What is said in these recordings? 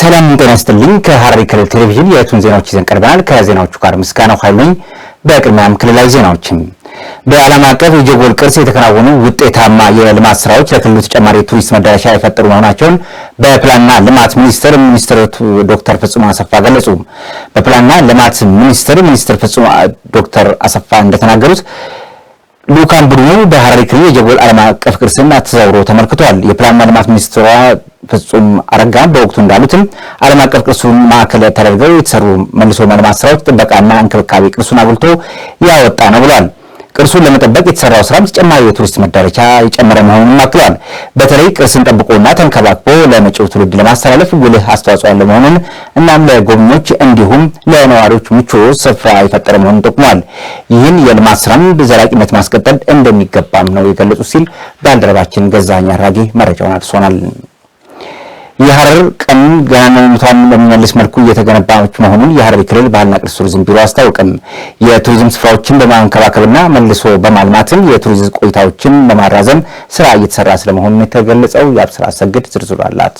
ሰላም ጤና ይስጥልኝ። ከሐረሪ ክልል ቴሌቪዥን የዕለቱን ዜናዎች ይዘን ቀርበናል። ከዜናዎቹ ጋር ምስጋናው ኃይሉ ነኝ። በቅድሚያም ክልላዊ ዜናዎችም በዓለም አቀፍ የጀጎል ቅርስ የተከናወኑ ውጤታማ የልማት ስራዎች ለክልሉ ተጨማሪ ቱሪስት መዳረሻ የፈጠሩ መሆናቸውን በፕላንና ልማት ሚኒስቴር ሚኒስትር ዶክተር ፍጹም አሰፋ ገለጹ። በፕላንና ልማት ሚኒስቴር ሚኒስትር ፍጹም ዶክተር አሰፋ እንደተናገሩት ልኡካን ቡድኑ በሐረሪ ክልል የጀጎል ዓለም አቀፍ ቅርስን ተዘዋውሮ ተመልክቷል። የፕላንና ልማት ሚኒስትሯ ፍጹም አረጋ በወቅቱ እንዳሉትም ዓለም አቀፍ ቅርሱን ማዕከል ተደርገው የተሰሩ መልሶ ማልማት ስራዎች ጥበቃና እንክብካቤ ቅርሱን አጉልቶ ያወጣ ነው ብሏል። ቅርሱን ለመጠበቅ የተሰራው ስራም ተጨማሪ የቱሪስት መዳረሻ የጨመረ መሆኑን አክሏል። በተለይ ቅርስን ጠብቆና ተንከባክቦ ለመጪው ትውልድ ለማስተላለፍ ጉልህ አስተዋጽኦ ያለው መሆኑን እናም ለጎብኚዎች እንዲሁም ለነዋሪዎች ምቹ ስፍራ የፈጠረ መሆኑን ጠቁሟል። ይህን የልማት ስራም በዘላቂነት ማስቀጠል እንደሚገባም ነው የገለጹ ሲል ባልደረባችን ገዛኸኝ አራጌ መረጃውን አድርሶናል። የሐረር ቀን ገናናነቷን በሚመልስ መልኩ እየተገነባች መሆኑን የሐረሪ ክልል ባህልና ቅርስ ቱሪዝም ቢሮ አስታውቅም። የቱሪዝም ስፍራዎችን በማንከባከብና መልሶ በማልማትም የቱሪዝም ቆይታዎችን በማራዘም ስራ እየተሰራ ስለመሆኑ የተገለጸው የአብስራ ሰግድ ዝርዝር አላት።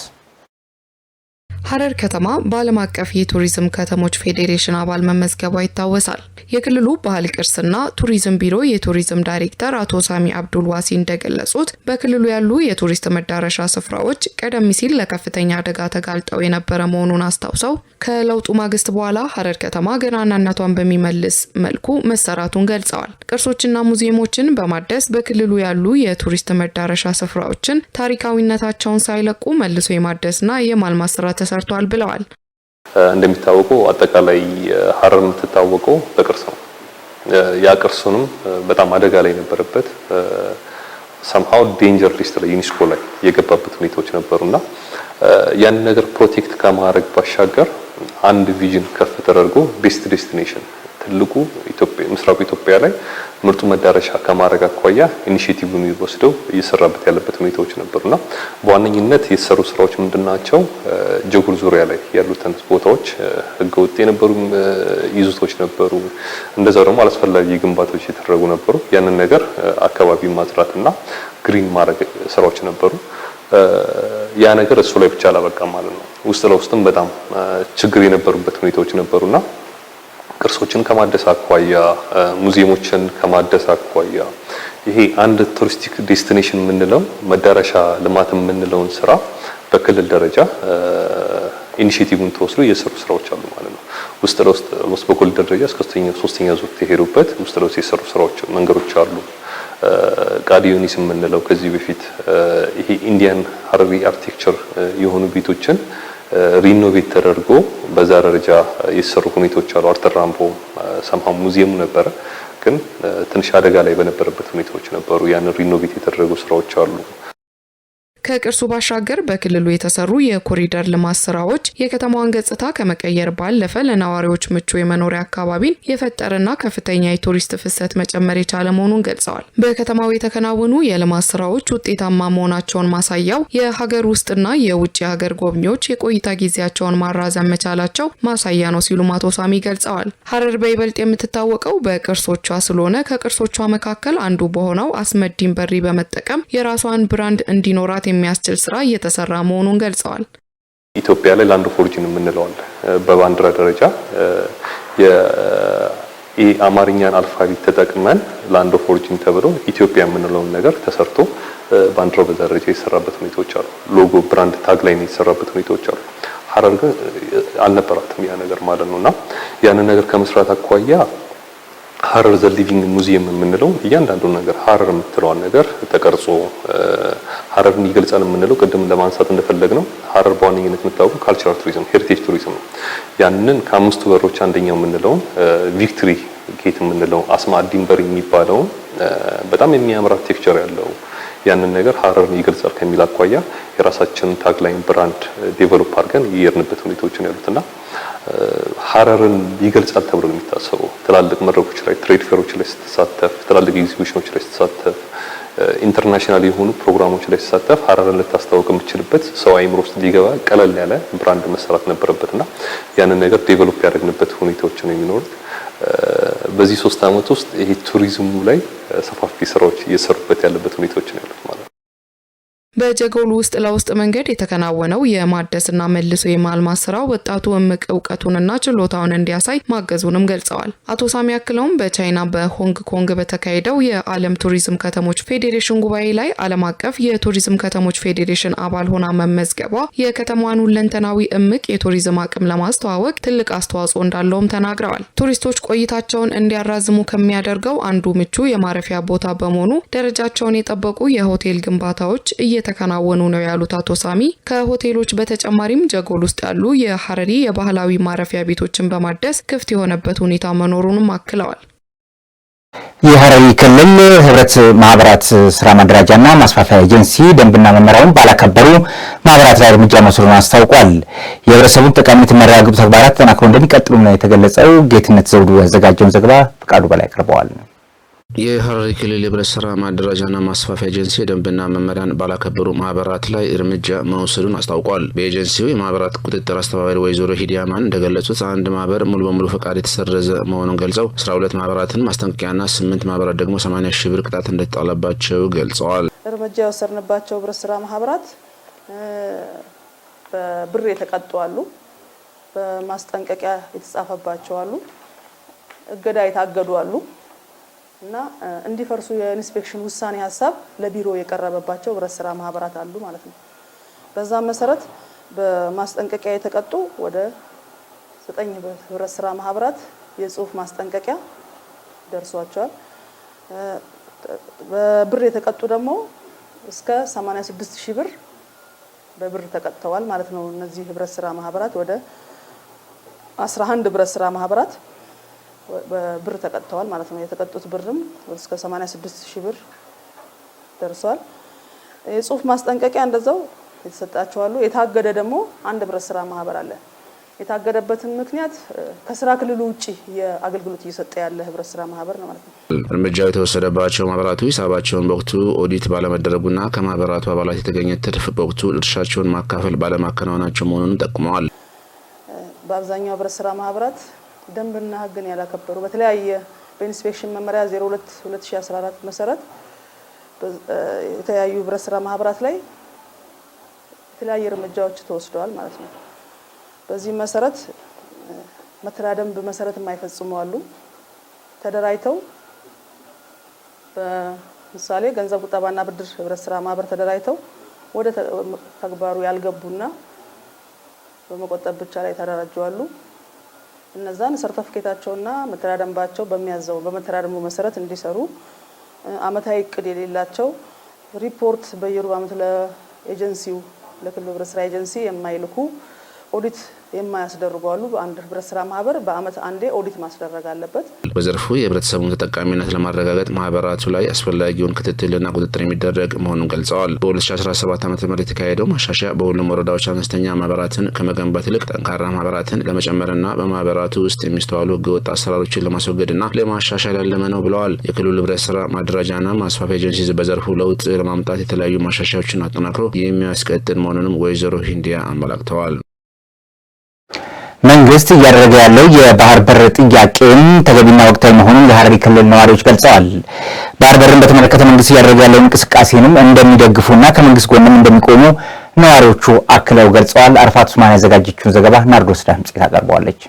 ሀረር ከተማ በዓለም አቀፍ የቱሪዝም ከተሞች ፌዴሬሽን አባል መመዝገቧ ይታወሳል። የክልሉ ባህል ቅርስና ቱሪዝም ቢሮ የቱሪዝም ዳይሬክተር አቶ ሳሚ አብዱል ዋሲ እንደገለጹት በክልሉ ያሉ የቱሪስት መዳረሻ ስፍራዎች ቀደም ሲል ለከፍተኛ አደጋ ተጋልጠው የነበረ መሆኑን አስታውሰው ከለውጡ ማግስት በኋላ ሀረር ከተማ ገናናነቷን በሚመልስ መልኩ መሰራቱን ገልጸዋል። ቅርሶችና ሙዚየሞችን በማደስ በክልሉ ያሉ የቱሪስት መዳረሻ ስፍራዎችን ታሪካዊነታቸውን ሳይለቁ መልሶ የማደስና የማልማት ስራ ተሰ ተሰርቷል ብለዋል። እንደሚታወቀው አጠቃላይ ሀረር የምትታወቀው በቅርስ ነው። ያ ቅርሱንም በጣም አደጋ ላይ የነበረበት ሰምሃው ዴንጀር ሊስት ላይ ዩኒስኮ ላይ የገባበት ሁኔታዎች ነበሩና ያን ነገር ፕሮቴክት ከማድረግ ባሻገር አንድ ቪዥን ከፍ ተደርጎ ቤስት ዴስቲኔሽን ትልቁ ምስራቁ ኢትዮጵያ ላይ ምርጡ መዳረሻ ከማድረግ አኳያ ኢኒሼቲቭን የሚወስደው እየሰራበት ያለበት ሁኔታዎች ነበሩና በዋነኝነት የተሰሩ ስራዎች ምንድናቸው? ጀጉር ዙሪያ ላይ ያሉትን ቦታዎች ህገወጥ የነበሩ ይዞቶች ነበሩ። እንደዛው ደግሞ አላስፈላጊ ግንባታዎች የተደረጉ ነበሩ። ያንን ነገር አካባቢ ማጽዳትና ግሪን ማድረግ ስራዎች ነበሩ። ያ ነገር እሱ ላይ ብቻ አላበቃም ማለት ነው። ውስጥ ለውስጥም በጣም ችግር የነበሩበት ሁኔታዎች ነበሩና ቅርሶችን ከማደስ አኳያ፣ ሙዚየሞችን ከማደስ አኳያ ይሄ አንድ ቱሪስቲክ ዴስቲኔሽን የምንለው መዳረሻ ልማት የምንለውን ስራ በክልል ደረጃ ኢኒሼቲቭን ተወስዶ የሰሩ ስራዎች አሉ ማለት ነው። ውስጥ ለውስጥ ኦልሞስት በኮሪደር ደረጃ እስከ ሶስተኛ ዙር የሄዱበት ውስጥ ለውስጥ የሰሩ ስራዎች መንገዶች አሉ። ቃዲዮኒስ የምንለው ከዚህ በፊት ይሄ ኢንዲያን ሀረሪ አርኪቴክቸር የሆኑ ቤቶችን ሪኖቬት ተደርጎ በዛ ደረጃ የተሰሩ ሁኔታዎች አሉ። አርተር ራምቦ ሰምሃ ሙዚየሙ ነበረ፣ ግን ትንሽ አደጋ ላይ በነበረበት ሁኔታዎች ነበሩ። ያንን ሪኖቬት የተደረጉ ስራዎች አሉ። ከቅርሱ ባሻገር በክልሉ የተሰሩ የኮሪደር ልማት ስራዎች የከተማዋን ገጽታ ከመቀየር ባለፈ ለነዋሪዎች ምቹ የመኖሪያ አካባቢን የፈጠረና ከፍተኛ የቱሪስት ፍሰት መጨመር የቻለ መሆኑን ገልጸዋል። በከተማው የተከናወኑ የልማት ስራዎች ውጤታማ መሆናቸውን ማሳያው የሀገር ውስጥና የውጭ ሀገር ጎብኚዎች የቆይታ ጊዜያቸውን ማራዘም መቻላቸው ማሳያ ነው ሲሉም አቶ ሳሚ ገልጸዋል። ሀረር በይበልጥ የምትታወቀው በቅርሶቿ ስለሆነ ከቅርሶቿ መካከል አንዱ በሆነው አስመዲን በሪ በመጠቀም የራሷን ብራንድ እንዲኖራት የሚያስችል ስራ እየተሰራ መሆኑን ገልጸዋል። ኢትዮጵያ ላይ ላንድ ኦፍ ኦሪጂን የምንለዋል በባንዲራ ደረጃ የአማርኛን አልፋቤት ተጠቅመን ላንድ ኦፍ ኦሪጂን ተብሎ ኢትዮጵያ የምንለውን ነገር ተሰርቶ ባንዲራው በዛ ደረጃ የተሰራበት ሁኔታዎች አሉ። ሎጎ ብራንድ ታግ ላይ የተሰራበት ሁኔታዎች አሉ። ሀረር ግን አልነበራትም ያ ነገር ማለት ነውና ያንን ነገር ከመስራት አኳያ ሀረር ዘ ሊቪንግ ሙዚየም የምንለው እያንዳንዱ ነገር ሀረር የምትለዋን ነገር ተቀርጾ ሀረርን uh, ይገልጻል የምንለው ቅድም ለማንሳት እንደፈለግ ነው። ሀረር በዋነኝነት የምታወቀው ካልቸራል ቱሪዝም፣ ሄሪቴጅ ቱሪዝም ነው። ያንን ከአምስቱ በሮች አንደኛው የምንለውን ቪክትሪ uh, ጌት የምንለው አስማ በር የሚባለውን uh, በጣም የሚያምር አርኪቴክቸር ያለው ያንን ነገር ሀረርን ይገልጻል ከሚል አኳያ የራሳችን ታግላይን ብራንድ ዴቨሎፕ አድርገን የየርንበት ሁኔታዎችን ያሉትና ሀረርን ይገልጻል ተብሎ ነው የሚታሰበው። ትላልቅ መድረኮች ላይ ትሬድ ፌሮች ላይ ስትሳተፍ፣ ትላልቅ ኤግዚቢሽኖች ላይ ስትሳተፍ፣ ኢንተርናሽናል የሆኑ ፕሮግራሞች ላይ ስትሳተፍ ሀረርን ልታስተዋውቅ የምችልበት ሰው አይምሮ ውስጥ ሊገባ ቀለል ያለ ብራንድ መሰራት ነበረበትና ያንን ነገር ዴቨሎፕ ያደረግንበት ሁኔታዎች ነው የሚኖሩት። በዚህ ሶስት አመት ውስጥ ይሄ ቱሪዝሙ ላይ ሰፋፊ ስራዎች እየሰሩበት ያለበት ሁኔታዎች ነው ያሉት ማለት ነው። በጀጎል ውስጥ ለውስጥ መንገድ የተከናወነው የማደስና መልሶ የማልማት ስራ ወጣቱ እምቅ እውቀቱንና ችሎታውን እንዲያሳይ ማገዙንም ገልጸዋል። አቶ ሳሚ አክለውም በቻይና በሆንግ ኮንግ በተካሄደው የዓለም ቱሪዝም ከተሞች ፌዴሬሽን ጉባኤ ላይ ዓለም አቀፍ የቱሪዝም ከተሞች ፌዴሬሽን አባል ሆና መመዝገቧ የከተማዋን ሁለንተናዊ እምቅ የቱሪዝም አቅም ለማስተዋወቅ ትልቅ አስተዋጽኦ እንዳለውም ተናግረዋል። ቱሪስቶች ቆይታቸውን እንዲያራዝሙ ከሚያደርገው አንዱ ምቹ የማረፊያ ቦታ በመሆኑ ደረጃቸውን የጠበቁ የሆቴል ግንባታዎች እየ እየተከናወኑ ነው ያሉት አቶ ሳሚ ከሆቴሎች በተጨማሪም ጀጎል ውስጥ ያሉ የሐረሪ የባህላዊ ማረፊያ ቤቶችን በማደስ ክፍት የሆነበት ሁኔታ መኖሩንም አክለዋል። የሐረሪ ክልል ህብረት ማህበራት ስራ ማደራጃና ማስፋፊያ ኤጀንሲ ደንብና መመሪያውን ባላከበሩ ማህበራት ላይ እርምጃ መውሰዱን አስታውቋል። የህብረተሰቡን ጠቃሚነት የሚያረጋግጡ ተግባራት ተጠናክሮ እንደሚቀጥሉ ነው የተገለጸው። ጌትነት ዘውዱ ያዘጋጀውን ዘገባ ፍቃዱ በላይ አቅርበዋል። የሐረሪ ክልል የብረት ስራ ማደራጃና ማስፋፊያ ኤጀንሲ የደንብና መመሪያን ባላከበሩ ማህበራት ላይ እርምጃ መውሰዱን አስታውቋል። በኤጀንሲው የማህበራት ቁጥጥር አስተባባሪ ወይዘሮ ሂዲያማን እንደገለጹት አንድ ማህበር ሙሉ በሙሉ ፈቃድ የተሰረዘ መሆኑን ገልጸው አስራ ሁለት ማህበራትን ማስጠንቀቂያና ስምንት ማህበራት ደግሞ ሰማኒያ ሺህ ብር ቅጣት እንደተጣለባቸው ገልጸዋል። እርምጃ የወሰድንባቸው ብረት ስራ ማህበራት በብር የተቀጡ አሉ፣ በማስጠንቀቂያ የተጻፈባቸው አሉ፣ እገዳ የታገዱ አሉ እና እንዲፈርሱ የኢንስፔክሽን ውሳኔ ሀሳብ ለቢሮ የቀረበባቸው ህብረት ስራ ማህበራት አሉ ማለት ነው። በዛም መሰረት በማስጠንቀቂያ የተቀጡ ወደ ዘጠኝ ህብረት ስራ ማህበራት የጽሁፍ ማስጠንቀቂያ ደርሷቸዋል። በብር የተቀጡ ደግሞ እስከ 86 ሺህ ብር በብር ተቀጥተዋል ማለት ነው። እነዚህ ህብረት ስራ ማህበራት ወደ 11 ህብረት ስራ ማህበራት ብር ተቀጥተዋል ማለት ነው። የተቀጡት ብርም እስከ 86 ሺህ ብር ደርሷል። የጽሁፍ ማስጠንቀቂያ እንደዛው የተሰጣቸዋሉ። የታገደ ደግሞ አንድ ህብረት ስራ ማህበር አለ። የታገደበትን ምክንያት ከስራ ክልሉ ውጭ የአገልግሎት እየሰጠ ያለ ህብረት ስራ ማህበር ነው ማለት ነው። እርምጃው የተወሰደባቸው ማህበራቱ ሂሳባቸውን በወቅቱ ኦዲት ባለመደረጉና ከማህበራቱ አባላት የተገኘ ትርፍ በወቅቱ ድርሻቸውን ማካፈል ባለማከናወናቸው መሆኑን ጠቁመዋል። በአብዛኛው ህብረት ስራ ማህበራት ደንብና ህግን ያላከበሩ በተለያየ በኢንስፔክሽን መመሪያ 02 2014 መሰረት የተለያዩ ህብረት ስራ ማህበራት ላይ የተለያየ እርምጃዎች ተወስደዋል ማለት ነው። በዚህም መሰረት መተዳደሪያ ደንብ መሰረት የማይፈጽሙ አሉ። ተደራጅተው በምሳሌ ገንዘብ ቁጠባና ብድር ህብረት ስራ ማህበር ተደራጅተው ወደ ተግባሩ ያልገቡና በመቆጠብ ብቻ ላይ ተደራጁ አሉ። እነዛን ሰርተፍኬታቸውና መተዳደሪያ ደንባቸው በሚያዘው በመተዳደሪያ ደንቡ መሰረት እንዲሰሩ፣ አመታዊ እቅድ የሌላቸው ሪፖርት በየሩብ አመት ለኤጀንሲው ለክልሉ ህብረት ስራ ኤጀንሲ የማይልኩ ኦዲት የማያስደርጉ አሉ። አንድ ህብረት ስራ ማህበር በአመት አንዴ ኦዲት ማስደረግ አለበት። በዘርፉ የህብረተሰቡን ተጠቃሚነት ለማረጋገጥ ማህበራቱ ላይ አስፈላጊውን ክትትልና ቁጥጥር የሚደረግ መሆኑን ገልጸዋል። በ2017 ዓ ም የተካሄደው ማሻሻያ በሁሉም ወረዳዎች አነስተኛ ማህበራትን ከመገንባት ይልቅ ጠንካራ ማህበራትን ለመጨመርና በማህበራቱ ውስጥ የሚስተዋሉ ህገወጥ አሰራሮችን ለማስወገድና ለማሻሻል ያለመ ነው ብለዋል። የክልሉ ህብረት ስራ ማደራጃና ማስፋፊያ ኤጀንሲ በዘርፉ ለውጥ ለማምጣት የተለያዩ ማሻሻያዎችን አጠናክሮ የሚያስቀጥል መሆኑንም ወይዘሮ ሂንዲያ አመላክተዋል። መንግስት እያደረገ ያለው የባህር በር ጥያቄም ተገቢና ወቅታዊ መሆኑን የሀረሪ ክልል ነዋሪዎች ገልጸዋል። ባህር በርን በተመለከተ መንግስት እያደረገ ያለው እንቅስቃሴንም እንደሚደግፉና ከመንግስት ጎንም እንደሚቆሙ ነዋሪዎቹ አክለው ገልጸዋል። አርፋት ሱማን ያዘጋጀችውን ዘገባ ናርዶስ ዳምጽ ታቀርበዋለች።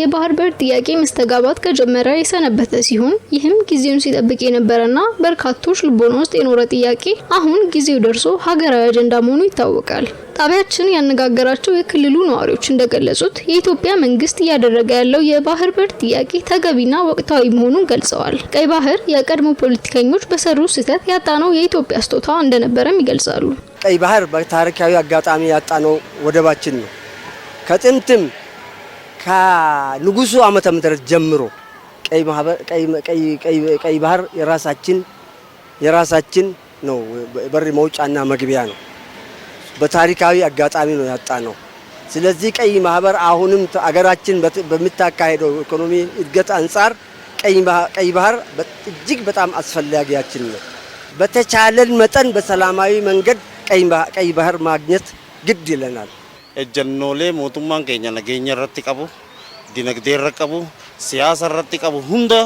የባህር በር ጥያቄ መስተጋባት ከጀመረ የሰነበተ ሲሆን ይህም ጊዜውን ሲጠብቅ የነበረና በርካቶች ልቦና ውስጥ የኖረ ጥያቄ አሁን ጊዜው ደርሶ ሀገራዊ አጀንዳ መሆኑ ይታወቃል። ጣቢያችን ያነጋገራቸው የክልሉ ነዋሪዎች እንደገለጹት የኢትዮጵያ መንግስት እያደረገ ያለው የባህር በር ጥያቄ ተገቢና ወቅታዊ መሆኑን ገልጸዋል። ቀይ ባህር የቀድሞ ፖለቲከኞች በሰሩ ስህተት ያጣነው የኢትዮጵያ ስጦታ እንደነበረም ይገልጻሉ። ቀይ ባህር በታሪካዊ አጋጣሚ ያጣነው ወደባችን ነው። ከጥንትም ከንጉሱ ዓመተ ምህረት ጀምሮ ቀይ ባህር የራሳችን የራሳችን ነው፣ በር መውጫና መግቢያ ነው። በታሪካዊ አጋጣሚ ነው ያጣ ነው። ስለዚህ ቀይ ማህበር አሁንም አገራችን በምታካሄደው ኢኮኖሚ እድገት አንጻር ቀይ ባህር እጅግ በጣም አስፈላጊያችን ነው። በተቻለን መጠን በሰላማዊ መንገድ ቀይ ባህር ማግኘት ግድ ይለናል። ejjannoolee mootummaan keenya nageenya irratti qabu ዲነግዴ ረቀቡ ሲያሳ ረቲ ቀቡ hunda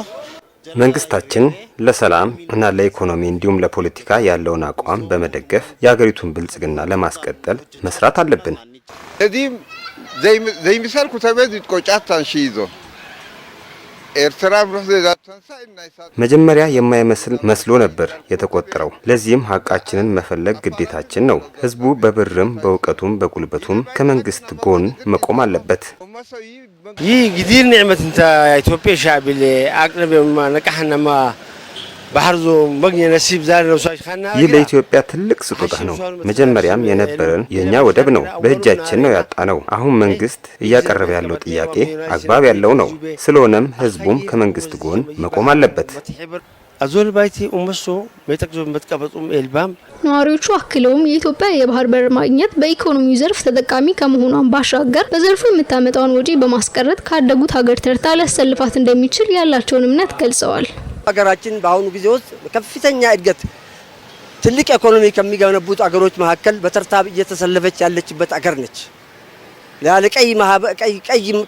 መንግስታችን ለሰላም እና ለኢኮኖሚ እንዲሁም ለፖለቲካ ያለውን አቋም በመደገፍ የሀገሪቱን ብልጽግና ለማስቀጠል መስራት አለብን። እዚህም ዘይምሰልኩ ተበዝ ቆጫታን ሺ ይዞ መጀመሪያ የማይመስል መስሎ ነበር የተቆጠረው። ለዚህም ሀቃችንን መፈለግ ግዴታችን ነው። ህዝቡ በብርም በእውቀቱም በጉልበቱም ከመንግስት ጎን መቆም አለበት። ይህ ጊዜ ኒዕመት እንታ ኢትዮጵያ ሻቢል አቅነብ ነቃሕነማ ይህ ለኢትዮጵያ ትልቅ ስጦታ ነው። መጀመሪያም የነበረን የእኛ ወደብ ነው፣ በእጃችን ነው ያጣ ነው። አሁን መንግስት እያቀረበ ያለው ጥያቄ አግባብ ያለው ነው። ስለሆነም ህዝቡም ከመንግስት ጎን መቆም አለበት። አዞልባይቲ ኡመሶ መጠቅዞ መጥቀበጡም ኤልባም ነዋሪዎቹ አክለውም የኢትዮጵያ የባህር በር ማግኘት በኢኮኖሚው ዘርፍ ተጠቃሚ ከመሆኗን ባሻገር በዘርፉ የምታመጣውን ወጪ በማስቀረት ካደጉት ሀገር ተርታ ሊያሰልፋት እንደሚችል ያላቸውን እምነት ገልጸዋል። ሀገራችን በአሁኑ ጊዜ ውስጥ ከፍተኛ እድገት ትልቅ ኢኮኖሚ ከሚገነቡት አገሮች መካከል በተርታብ እየተሰለፈች ያለችበት አገር ነች።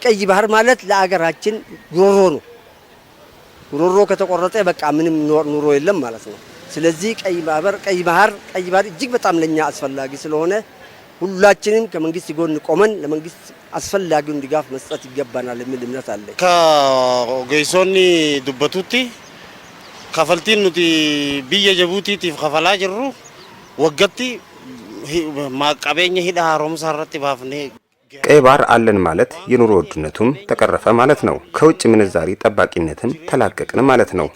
ቀይ ባህር ማለት ለአገራችን ጉሮሮ ነው። ጉሮሮ ከተቆረጠ በቃ ምንም ኑሮ የለም ማለት ነው። ስለዚህ ቀይ ባህር ቀይ ባህር ቀይ ባህር እጅግ በጣም ለኛ አስፈላጊ ስለሆነ ሁላችንም ከመንግስት ጎን ቆመን ለመንግስት አስፈላጊውን ድጋፍ መስጠት ይገባናል የሚል እምነት አለ። ከጌሶኒ ዱበቱቲ Kafaltiin nuti biyya Jabuutiitiif kafalaa jirru waggatti qabeenya hidha haaromsaa irratti baafnee ቀይ ባህር አለን ማለት የኑሮ ውድነቱም ተቀረፈ ማለት ነው። ከውጭ ምንዛሪ ጠባቂነትም ተላቀቅን ማለት ነው።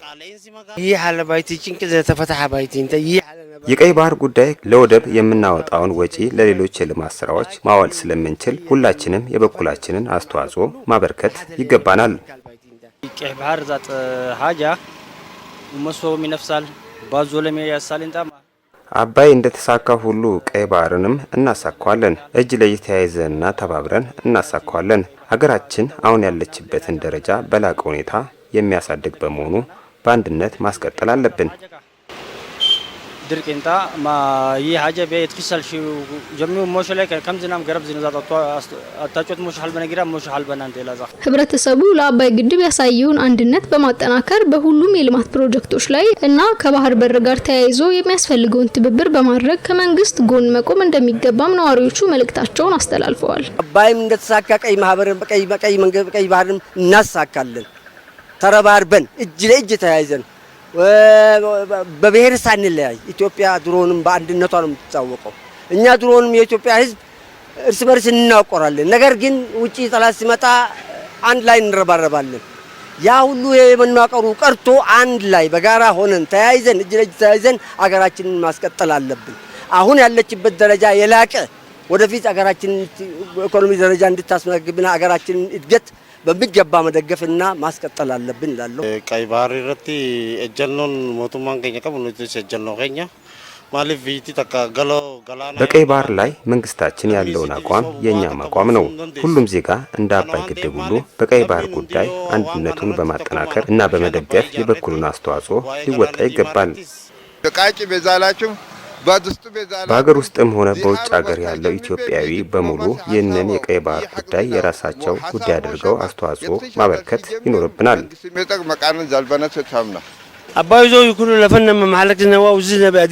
የቀይ ባህር ጉዳይ ለወደብ የምናወጣውን ወጪ ለሌሎች የልማት ስራዎች ማዋል ስለምንችል ሁላችንም የበኩላችንን አስተዋጽኦ ማበርከት ይገባናል። መሶብም ይነፍሳል፣ ባዞ ለም ያሳልንጣ አባይ እንደተሳካ ሁሉ ቀይ ባህርንም እናሳካዋለን። እጅ ለእጅ ተያይዘንና ተባብረን እናሳካዋለን። ሀገራችን አሁን ያለችበትን ደረጃ በላቀ ሁኔታ የሚያሳድግ በመሆኑ በአንድነት ማስቀጠል አለብን። ድርቅንታ ይህ ሀጀብ የትክሰል ጀሚው ሞሽ ላይ ከምዝናም ገረብ ዝንዛት አታጮት ሞሽ ሀልበነ ጊራ ሞሽ ሀልበና ንተ ላዛ ህብረተሰቡ ለአባይ ግድብ ያሳየውን አንድነት በማጠናከር በሁሉም የልማት ፕሮጀክቶች ላይ እና ከባህር በር ጋር ተያይዞ የሚያስፈልገውን ትብብር በማድረግ ከመንግስት ጎን መቆም እንደሚገባም ነዋሪዎቹ መልእክታቸውን አስተላልፈዋል። አባይም እንደተሳካ ቀይ ማህበርን በቀይ ባህርም እናሳካለን። ተረባርበን እጅ ለእጅ ተያይዘን በብሔር ሳንለያይ ኢትዮጵያ ድሮንም በአንድነቷ ነው የምትታወቀው። እኛ ድሮንም የኢትዮጵያ ሕዝብ እርስ በርስ እናቆራለን። ነገር ግን ውጭ ጠላት ሲመጣ አንድ ላይ እንረባረባለን። ያ ሁሉ የመናቀሩ ቀርቶ አንድ ላይ በጋራ ሆነን ተያይዘን እጅ ለእጅ ተያይዘን አገራችንን ማስቀጠል አለብን። አሁን ያለችበት ደረጃ የላቀ ወደፊት አገራችንን ኢኮኖሚ ደረጃ እንድታስመግብና አገራችንን እድገት በሚገባ መደገፍና ማስቀጠል አለብን እላለሁ። ቀይ ባህር ረቲ እጀኖን ሞቱማን ገኘ ቀቡ እጀኖ ገኛ በቀይ ባህር ላይ መንግስታችን ያለውን አቋም የእኛም አቋም ነው። ሁሉም ዜጋ እንደ አባይ ግድብ ሁሉ በቀይ ባህር ጉዳይ አንድነቱን በማጠናከር እና በመደገፍ የበኩሉን አስተዋጽኦ ሊወጣ ይገባል። ቃጭ በዛላችሁ በሀገር ውስጥም ሆነ በውጭ ሀገር ያለው ኢትዮጵያዊ በሙሉ ይህንን የቀይ ባህር ጉዳይ የራሳቸው ጉዳይ አድርገው አስተዋጽኦ ማበርከት ይኖርብናል። አባይዞ ይኩኑ ለፈነመ ማለክ ነዋ ውዝ ነቢያ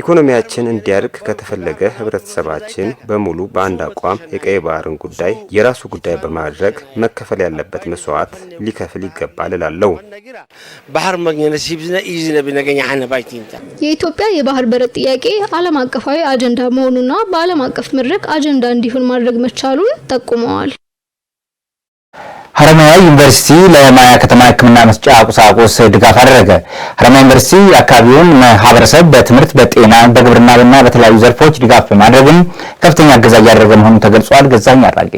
ኢኮኖሚያችን እንዲያድግ ከተፈለገ ህብረተሰባችን በሙሉ በአንድ አቋም የቀይ ባህርን ጉዳይ የራሱ ጉዳይ በማድረግ መከፈል ያለበት መስዋዕት ሊከፍል ይገባል እላለሁ። የኢትዮጵያ የባህር በር ጥያቄ ዓለም አቀፋዊ አጀንዳ መሆኑና በዓለም አቀፍ መድረክ አጀንዳ እንዲሆን ማድረግ መቻሉን ጠቁመዋል። ሀረማያ ዩኒቨርሲቲ ለማያ ከተማ ሕክምና መስጫ ቁሳቁስ ድጋፍ አደረገ። ሀረማያ ዩኒቨርሲቲ የአካባቢውን ማህበረሰብ በትምህርት፣ በጤና፣ በግብርና በግብርናና በተለያዩ ዘርፎች ድጋፍ በማድረግም ከፍተኛ እገዛ እያደረገ መሆኑ ተገልጿል። ገዛኝ አራጌ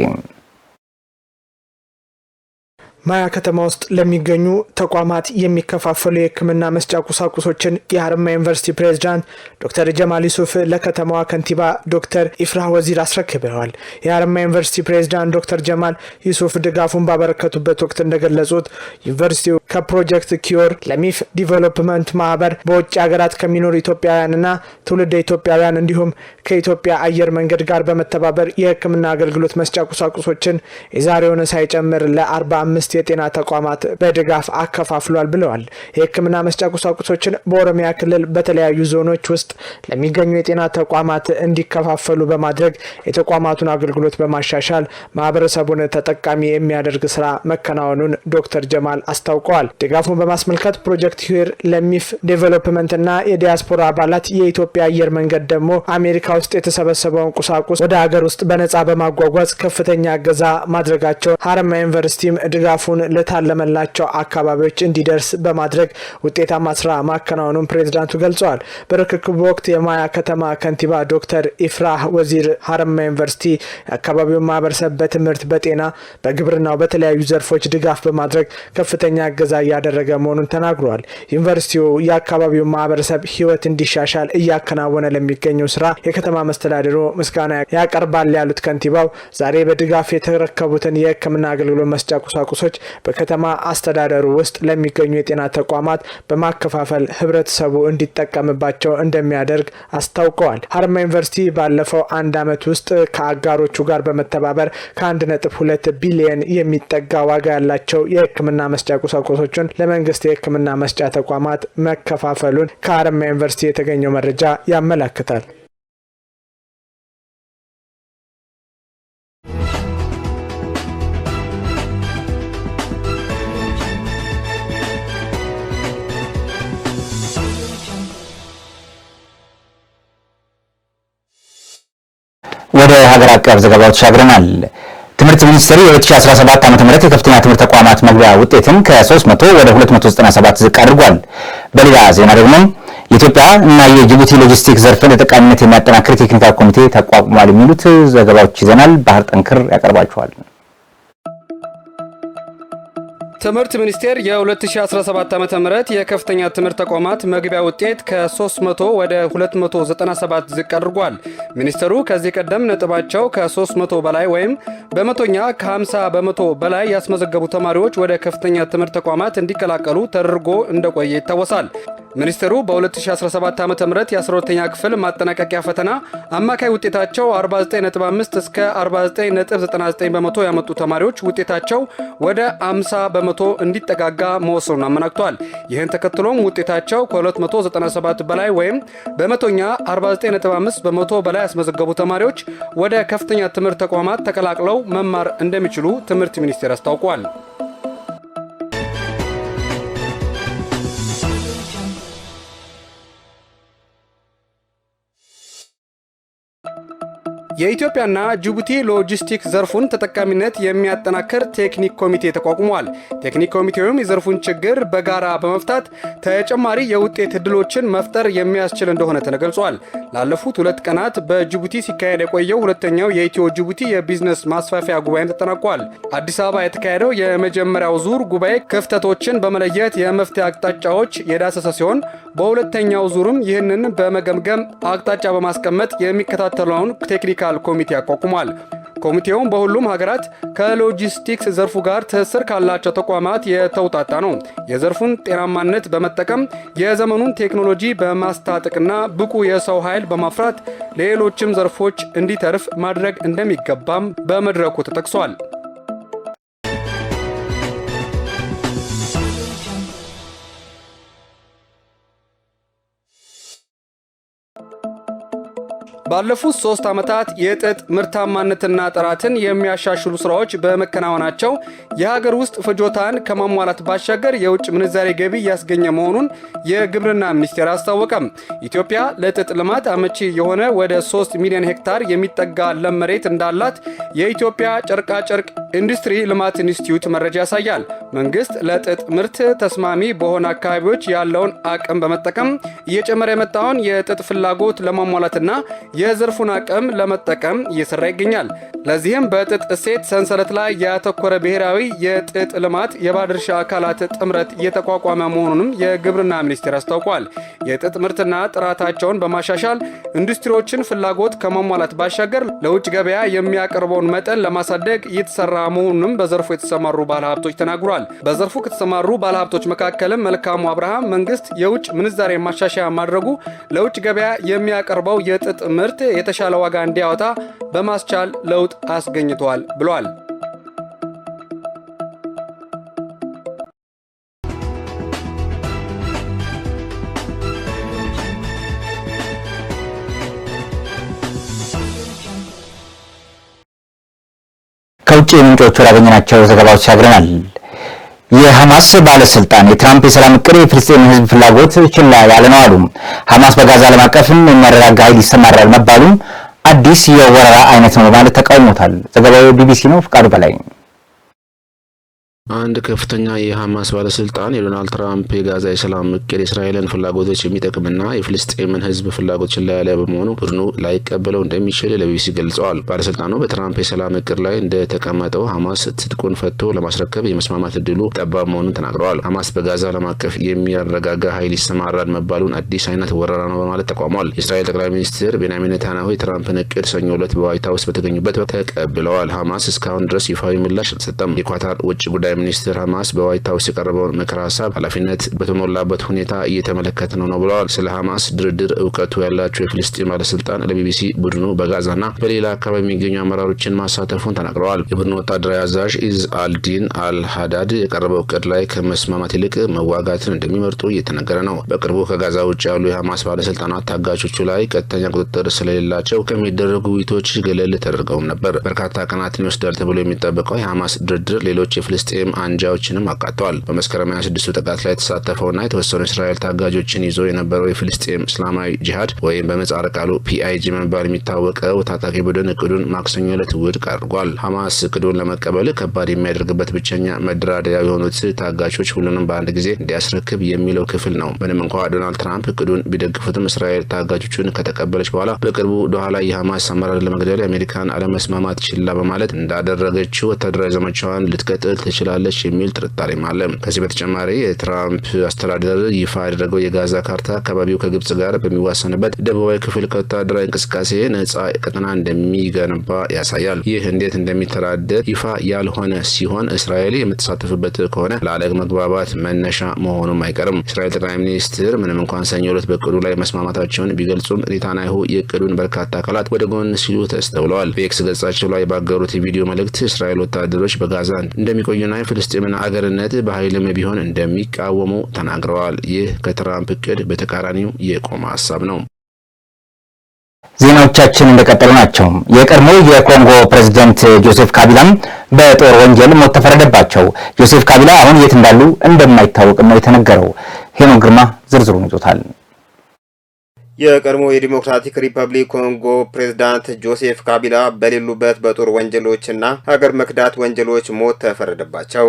ማያ ከተማ ውስጥ ለሚገኙ ተቋማት የሚከፋፈሉ የሕክምና መስጫ ቁሳቁሶችን የሀረማያ ዩኒቨርሲቲ ፕሬዝዳንት ዶክተር ጀማል ዩሱፍ ለከተማዋ ከንቲባ ዶክተር ኢፍራህ ወዚር አስረክበዋል። የሀረማያ ዩኒቨርሲቲ ፕሬዝዳንት ዶክተር ጀማል ዩሱፍ ድጋፉን ባበረከቱበት ወቅት እንደገለጹት ዩኒቨርሲቲው ከፕሮጀክት ኪዮር ለሚፍ ዲቨሎፕመንት ማህበር በውጭ ሀገራት ከሚኖሩ ኢትዮጵያውያንና ትውልደ ኢትዮጵያውያን እንዲሁም ከኢትዮጵያ አየር መንገድ ጋር በመተባበር የሕክምና አገልግሎት መስጫ ቁሳቁሶችን የዛሬውን ሳይጨምር ለ45 አምስት የጤና ተቋማት በድጋፍ አከፋፍሏል ብለዋል። የህክምና መስጫ ቁሳቁሶችን በኦሮሚያ ክልል በተለያዩ ዞኖች ውስጥ ለሚገኙ የጤና ተቋማት እንዲከፋፈሉ በማድረግ የተቋማቱን አገልግሎት በማሻሻል ማህበረሰቡን ተጠቃሚ የሚያደርግ ስራ መከናወኑን ዶክተር ጀማል አስታውቀዋል። ድጋፉን በማስመልከት ፕሮጀክት ሂር ለሚፍ ዴቨሎፕመንትና የዲያስፖራ አባላት የኢትዮጵያ አየር መንገድ ደግሞ አሜሪካ ውስጥ የተሰበሰበውን ቁሳቁስ ወደ ሀገር ውስጥ በነጻ በማጓጓዝ ከፍተኛ እገዛ ማድረጋቸው ሀረማያ ዩኒቨርሲቲም ድጋፍ ድጋፉን ለታለመላቸው አካባቢዎች እንዲደርስ በማድረግ ውጤታማ ስራ ማከናወኑን ፕሬዚዳንቱ ገልጸዋል። በርክክቡ ወቅት የማያ ከተማ ከንቲባ ዶክተር ኢፍራህ ወዚር ሀረማ ዩኒቨርሲቲ የአካባቢውን ማህበረሰብ በትምህርት፣ በጤና፣ በግብርናው በተለያዩ ዘርፎች ድጋፍ በማድረግ ከፍተኛ እገዛ እያደረገ መሆኑን ተናግረዋል። ዩኒቨርሲቲው የአካባቢውን ማህበረሰብ ህይወት እንዲሻሻል እያከናወነ ለሚገኘው ስራ የከተማ መስተዳድሩ ምስጋና ያቀርባል ያሉት ከንቲባው ዛሬ በድጋፍ የተረከቡትን የህክምና አገልግሎት መስጫ ቁሳቁሶች መድኃኒቶች በከተማ አስተዳደሩ ውስጥ ለሚገኙ የጤና ተቋማት በማከፋፈል ህብረተሰቡ እንዲጠቀምባቸው እንደሚያደርግ አስታውቀዋል። ሀረማ ዩኒቨርሲቲ ባለፈው አንድ ዓመት ውስጥ ከአጋሮቹ ጋር በመተባበር ከአንድ ነጥብ ሁለት ቢሊየን የሚጠጋ ዋጋ ያላቸው የህክምና መስጫ ቁሳቁሶችን ለመንግስት የህክምና መስጫ ተቋማት መከፋፈሉን ከሀረማ ዩኒቨርሲቲ የተገኘው መረጃ ያመላክታል። ወደ ሀገር አቀፍ ዘገባው ተሻግረናል። ትምህርት ሚኒስቴር የ2017 ም የከፍተኛ ትምህርት ተቋማት መግቢያ ውጤትን ከ300 ወደ 297 ዝቅ አድርጓል። በሌላ ዜና ደግሞ የኢትዮጵያ እና የጅቡቲ ሎጂስቲክስ ዘርፍን ተጠቃሚነት የሚያጠናክር ቴክኒካል ኮሚቴ ተቋቁሟል። የሚሉት ዘገባዎች ይዘናል። ባህር ጠንክር ያቀርባቸዋል። ትምህርት ሚኒስቴር የ2017 ዓ ም የከፍተኛ ትምህርት ተቋማት መግቢያ ውጤት ከ300 ወደ 297 ዝቅ አድርጓል። ሚኒስትሩ ከዚህ ቀደም ነጥባቸው ከ300 በላይ ወይም በመቶኛ ከ50 በመቶ በላይ ያስመዘገቡ ተማሪዎች ወደ ከፍተኛ ትምህርት ተቋማት እንዲቀላቀሉ ተደርጎ እንደቆየ ይታወሳል። ሚኒስትሩ በ2017 ዓ ም የ12ኛ ክፍል ማጠናቀቂያ ፈተና አማካይ ውጤታቸው 49.5 እስከ 49.99 በመቶ ያመጡ ተማሪዎች ውጤታቸው ወደ 50 በመቶ በመቶ እንዲጠጋጋ መወሰኑን አመላክቷል። ይህን ተከትሎም ውጤታቸው ከ297 በላይ ወይም በመቶኛ 495 በመቶ በላይ ያስመዘገቡ ተማሪዎች ወደ ከፍተኛ ትምህርት ተቋማት ተቀላቅለው መማር እንደሚችሉ ትምህርት ሚኒስቴር አስታውቋል። የኢትዮጵያና ጅቡቲ ሎጂስቲክ ዘርፉን ተጠቃሚነት የሚያጠናክር ቴክኒክ ኮሚቴ ተቋቁሟል። ቴክኒክ ኮሚቴውም የዘርፉን ችግር በጋራ በመፍታት ተጨማሪ የውጤት እድሎችን መፍጠር የሚያስችል እንደሆነ ተገልጿል። ላለፉት ሁለት ቀናት በጅቡቲ ሲካሄድ የቆየው ሁለተኛው የኢትዮ ጅቡቲ የቢዝነስ ማስፋፊያ ጉባኤ ተጠናቋል። አዲስ አበባ የተካሄደው የመጀመሪያው ዙር ጉባኤ ክፍተቶችን በመለየት የመፍትሄ አቅጣጫዎች የዳሰሰ ሲሆን በሁለተኛው ዙርም ይህንን በመገምገም አቅጣጫ በማስቀመጥ የሚከታተለውን ቴክኒካ ሴክቶሪያል ኮሚቴ አቋቁሟል። ኮሚቴውም በሁሉም ሀገራት ከሎጂስቲክስ ዘርፉ ጋር ትስስር ካላቸው ተቋማት የተውጣጣ ነው። የዘርፉን ጤናማነት በመጠቀም የዘመኑን ቴክኖሎጂ በማስታጠቅና ብቁ የሰው ኃይል በማፍራት ሌሎችም ዘርፎች እንዲተርፍ ማድረግ እንደሚገባም በመድረኩ ተጠቅሷል። ባለፉት ሶስት ዓመታት የጥጥ ምርታማነትና ጥራትን የሚያሻሽሉ ስራዎች በመከናወናቸው የሀገር ውስጥ ፍጆታን ከማሟላት ባሻገር የውጭ ምንዛሬ ገቢ እያስገኘ መሆኑን የግብርና ሚኒስቴር አስታወቀም። ኢትዮጵያ ለጥጥ ልማት አመቺ የሆነ ወደ 3 ሚሊዮን ሄክታር የሚጠጋ ለም መሬት እንዳላት የኢትዮጵያ ጨርቃጨርቅ ኢንዱስትሪ ልማት ኢንስቲትዩት መረጃ ያሳያል። መንግስት ለጥጥ ምርት ተስማሚ በሆነ አካባቢዎች ያለውን አቅም በመጠቀም እየጨመረ የመጣውን የጥጥ ፍላጎት ለማሟላትና የዘርፉን አቅም ለመጠቀም እየሰራ ይገኛል። ለዚህም በጥጥ እሴት ሰንሰለት ላይ ያተኮረ ብሔራዊ የጥጥ ልማት የባለድርሻ አካላት ጥምረት እየተቋቋመ መሆኑንም የግብርና ሚኒስቴር አስታውቋል። የጥጥ ምርትና ጥራታቸውን በማሻሻል ኢንዱስትሪዎችን ፍላጎት ከማሟላት ባሻገር ለውጭ ገበያ የሚያቀርበውን መጠን ለማሳደግ እየተሰራ መሆኑንም በዘርፉ የተሰማሩ ባለሀብቶች ተናግሯል። በዘርፉ ከተሰማሩ ባለሀብቶች መካከልም መልካሙ አብርሃም መንግስት የውጭ ምንዛሬ ማሻሻያ ማድረጉ ለውጭ ገበያ የሚያቀርበው የጥጥ ምርት ምርት የተሻለ ዋጋ እንዲያወጣ በማስቻል ለውጥ አስገኝቷል ብሏል። ከውጭ ምንጮቹ ላገኘናቸው ዘገባዎች አግረናል። የሐማስ ባለስልጣን የትራምፕ የሰላም እቅድ የፍልስጤም ህዝብ ፍላጎት ችላ ያለ ነው አሉ። ሐማስ በጋዛ ዓለም አቀፍም የሚያረጋጋ ኃይል ይሰማራል መባሉም አዲስ የወረራ አይነት ነው በማለት ተቃውሞታል። ዘገባው ቢቢሲ ነው። ፍቃዱ በላይ አንድ ከፍተኛ የሐማስ ባለስልጣን የዶናልድ ትራምፕ የጋዛ የሰላም እቅድ የእስራኤልን ፍላጎቶች የሚጠቅምና የፍልስጤምን ሕዝብ ፍላጎት ችላ ያለ በመሆኑ ቡድኑ ላይቀበለው እንደሚችል ለቢቢሲ ገልጸዋል። ባለስልጣኑ በትራምፕ የሰላም እቅድ ላይ እንደተቀመጠው ሐማስ ትጥቁን ፈቶ ለማስረከብ የመስማማት እድሉ ጠባብ መሆኑን ተናግረዋል። ሐማስ በጋዛ ዓለም አቀፍ የሚያረጋጋ ኃይል ይሰማራል መባሉን አዲስ አይነት ወረራ ነው በማለት ተቋሟል። የእስራኤል ጠቅላይ ሚኒስትር ቤንያሚን ኔታንያሁ የትራምፕን እቅድ ሰኞ ዕለት በዋይት ሀውስ በተገኙበት ተቀብለዋል። ሐማስ እስካሁን ድረስ ይፋዊ ምላሽ አልሰጠም። የኳታር ውጭ ጉዳይ ሚኒስትር ሀማስ በዋይት ሀውስ የቀረበውን ምክር ሀሳብ ኃላፊነት በተሞላበት ሁኔታ እየተመለከት ነው ነው ብለዋል። ስለ ሀማስ ድርድር እውቀቱ ያላቸው የፊልስጢን ባለስልጣን ለቢቢሲ ቡድኑ በጋዛና በሌላ አካባቢ የሚገኙ አመራሮችን ማሳተፉን ተናግረዋል። የቡድኑ ወታደራዊ አዛዥ ኢዝ አልዲን አልሃዳድ የቀረበው እቅድ ላይ ከመስማማት ይልቅ መዋጋትን እንደሚመርጡ እየተነገረ ነው። በቅርቡ ከጋዛ ውጭ ያሉ የሀማስ ባለስልጣናት ታጋቾቹ ላይ ቀጥተኛ ቁጥጥር ስለሌላቸው ከሚደረጉ ውይይቶች ገለል ተደርገውም ነበር። በርካታ ቀናትን ይወስዳል ተብሎ የሚጠበቀው የሀማስ ድርድር ሌሎች የፍልስጤም ሌሎችም አንጃዎችንም አቃጥተዋል። በመስከረም 26ቱ ጥቃት ላይ የተሳተፈውና የተወሰኑ እስራኤል ታጋጆችን ይዞ የነበረው የፍልስጤም እስላማዊ ጂሃድ ወይም በመጻረ ቃሉ ፒአይጂ በመባል የሚታወቀው ታጣቂ ቡድን እቅዱን ማክሰኞ ዕለት ውድቅ አድርጓል። ሐማስ እቅዱን ለመቀበል ከባድ የሚያደርግበት ብቸኛ መደራደሪያ የሆኑት ታጋቾች ሁሉንም በአንድ ጊዜ እንዲያስረክብ የሚለው ክፍል ነው። ምንም እንኳ ዶናልድ ትራምፕ እቅዱን ቢደግፉትም እስራኤል ታጋቾቹን ከተቀበለች በኋላ በቅርቡ ዶሃ ላይ የሐማስ አመራር ለመግደል የአሜሪካን አለመስማማት ችላ በማለት እንዳደረገችው ወታደራዊ ዘመቻዋን ልትቀጥል ትችላል ትችላለች የሚል ጥርጣሬም አለ። ከዚህ በተጨማሪ የትራምፕ አስተዳደር ይፋ ያደረገው የጋዛ ካርታ አካባቢው ከግብጽ ጋር በሚዋሰንበት ደቡባዊ ክፍል ከወታደራዊ እንቅስቃሴ ነጻ ቀጠና እንደሚገነባ ያሳያል። ይህ እንዴት እንደሚተዳደር ይፋ ያልሆነ ሲሆን እስራኤል የምትሳተፍበት ከሆነ ለአለቅ መግባባት መነሻ መሆኑም አይቀርም። እስራኤል ጠቅላይ ሚኒስትር ምንም እንኳን ሰኞ ዕለት በእቅዱ ላይ መስማማታቸውን ቢገልጹም ኔታንያሁ የእቅዱን በርካታ አካላት ወደ ጎን ሲሉ ተስተውለዋል። በኤክስ ገጻቸው ላይ ባገሩት የቪዲዮ መልእክት እስራኤል ወታደሮች በጋዛ እንደሚቆዩና ፍልስጤምን አገርነት በኃይልም ቢሆን እንደሚቃወሙ ተናግረዋል። ይህ ከትራምፕ እቅድ በተቃራኒው የቆመ ሀሳብ ነው። ዜናዎቻችን እንደቀጠሉ ናቸው። የቀድሞ የኮንጎ ፕሬዝደንት ጆሴፍ ካቢላም በጦር ወንጀል ሞት ተፈረደባቸው። ጆሴፍ ካቢላ አሁን የት እንዳሉ እንደማይታወቅም ነው የተነገረው። ሄኖ ግርማ ዝርዝሩን ይዞታል። የቀድሞ የዲሞክራቲክ ሪፐብሊክ ኮንጎ ፕሬዝዳንት ጆሴፍ ካቢላ በሌሉበት በጦር ወንጀሎችና ሀገር መክዳት ወንጀሎች ሞት ተፈረደባቸው።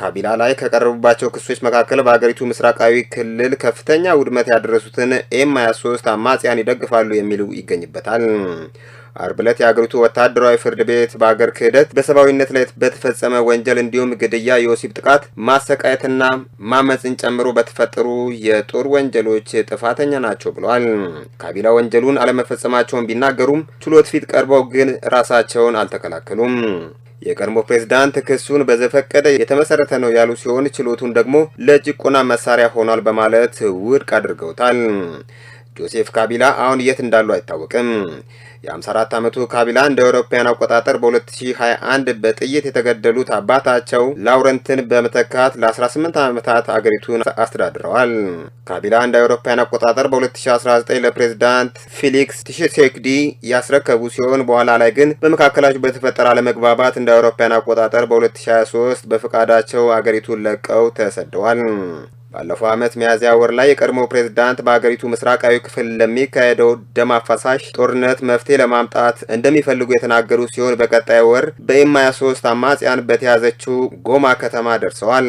ካቢላ ላይ ከቀረቡባቸው ክሶች መካከል በሀገሪቱ ምስራቃዊ ክልል ከፍተኛ ውድመት ያደረሱትን ኤም 23 አማጽያን ይደግፋሉ የሚሉ ይገኝበታል። አርብ ዕለት የአገሪቱ ወታደራዊ ፍርድ ቤት በአገር ክህደት፣ በሰብአዊነት ላይ በተፈጸመ ወንጀል እንዲሁም ግድያ፣ የወሲብ ጥቃት፣ ማሰቃየትና ማመፅን ጨምሮ በተፈጠሩ የጦር ወንጀሎች ጥፋተኛ ናቸው ብለዋል። ካቢላ ወንጀሉን አለመፈጸማቸውን ቢናገሩም ችሎት ፊት ቀርበው ግን ራሳቸውን አልተከላከሉም። የቀድሞ ፕሬዝዳንት ክሱን በዘፈቀደ የተመሰረተ ነው ያሉ ሲሆን ችሎቱን ደግሞ ለጭቆና መሳሪያ ሆኗል በማለት ውድቅ አድርገውታል። ጆሴፍ ካቢላ አሁን የት እንዳሉ አይታወቅም። የ54 ዓመቱ ካቢላ እንደ አውሮፓውያን አቆጣጠር በ2021 በጥይት የተገደሉት አባታቸው ላውረንትን በመተካት ለ18 ዓመታት አገሪቱን አስተዳድረዋል። ካቢላ እንደ አውሮፓውያን አቆጣጠር በ2019 ለፕሬዝዳንት ፊሊክስ ቲሺሴክዲ ያስረከቡ ሲሆን በኋላ ላይ ግን በመካከላቸው በተፈጠረ አለመግባባት እንደ አውሮፓውያን አቆጣጠር በ2023 በፈቃዳቸው አገሪቱን ለቀው ተሰደዋል። ባለፈው ዓመት ሚያዝያ ወር ላይ የቀድሞ ፕሬዝዳንት በአገሪቱ ምስራቃዊ ክፍል ለሚካሄደው ደም አፋሳሽ ጦርነት መፍትሄ ለማምጣት እንደሚፈልጉ የተናገሩ ሲሆን በቀጣይ ወር በኤም 23 አማጽያን በተያዘችው ጎማ ከተማ ደርሰዋል።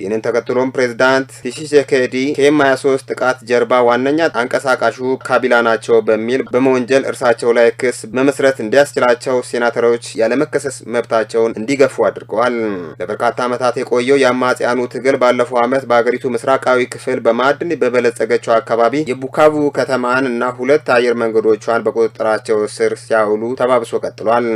ይህንን ተከትሎም ፕሬዝዳንት ቲሺሴኬዲ ከኤም 23 ጥቃት ጀርባ ዋነኛ አንቀሳቃሹ ካቢላ ናቸው በሚል በመወንጀል እርሳቸው ላይ ክስ መመስረት እንዲያስችላቸው ሴናተሮች ያለመከሰስ መብታቸውን እንዲገፉ አድርገዋል። ለበርካታ ዓመታት የቆየው የአማጽያኑ ትግል ባለፈው ዓመት በአገሪቱ ምስራቃዊ ክፍል በማዕድን በበለጸገችው አካባቢ የቡካቡ ከተማን እና ሁለት አየር መንገዶቿን በቁጥጥራቸው ስር ሲያውሉ ተባብሶ ቀጥሏል።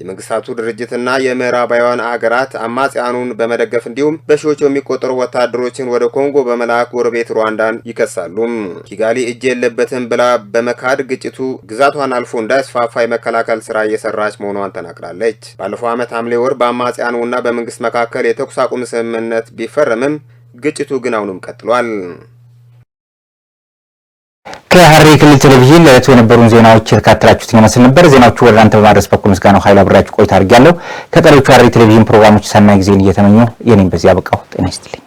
የመንግስታቱ ድርጅትና የምዕራባውያን አገራት አማጽያኑን በመደገፍ እንዲሁም በሺዎች የሚቆጠሩ ወታደሮችን ወደ ኮንጎ በመላክ ጎረቤት ሩዋንዳን ይከሳሉ። ኪጋሊ እጅ የለበትም ብላ በመካድ ግጭቱ ግዛቷን አልፎ እንዳይስፋፋ የመከላከል ስራ እየሰራች መሆኗን ተናግራለች። ባለፈው ዓመት ሐምሌ ወር በአማጽያኑና በመንግስት መካከል የተኩስ አቁም ስምምነት ቢፈረምም ግጭቱ ግን አሁንም ቀጥሏል። ከሐረሪ ክልል ቴሌቪዥን ለዕለቱ የነበሩን ዜናዎች የተካተላችሁትን ይመስል ነበር። ዜናዎቹ ወደ እናንተ በማድረስ በኩል ምስጋናው ኃይል አብሬያችሁ ቆይታ አድርጌያለሁ። ከቀሪዎቹ ሐረሪ ቴሌቪዥን ፕሮግራሞች ሰናይ ጊዜን እየተመኘሁ የኔም በዚህ አበቃሁ። ጤና ይስጥልኝ።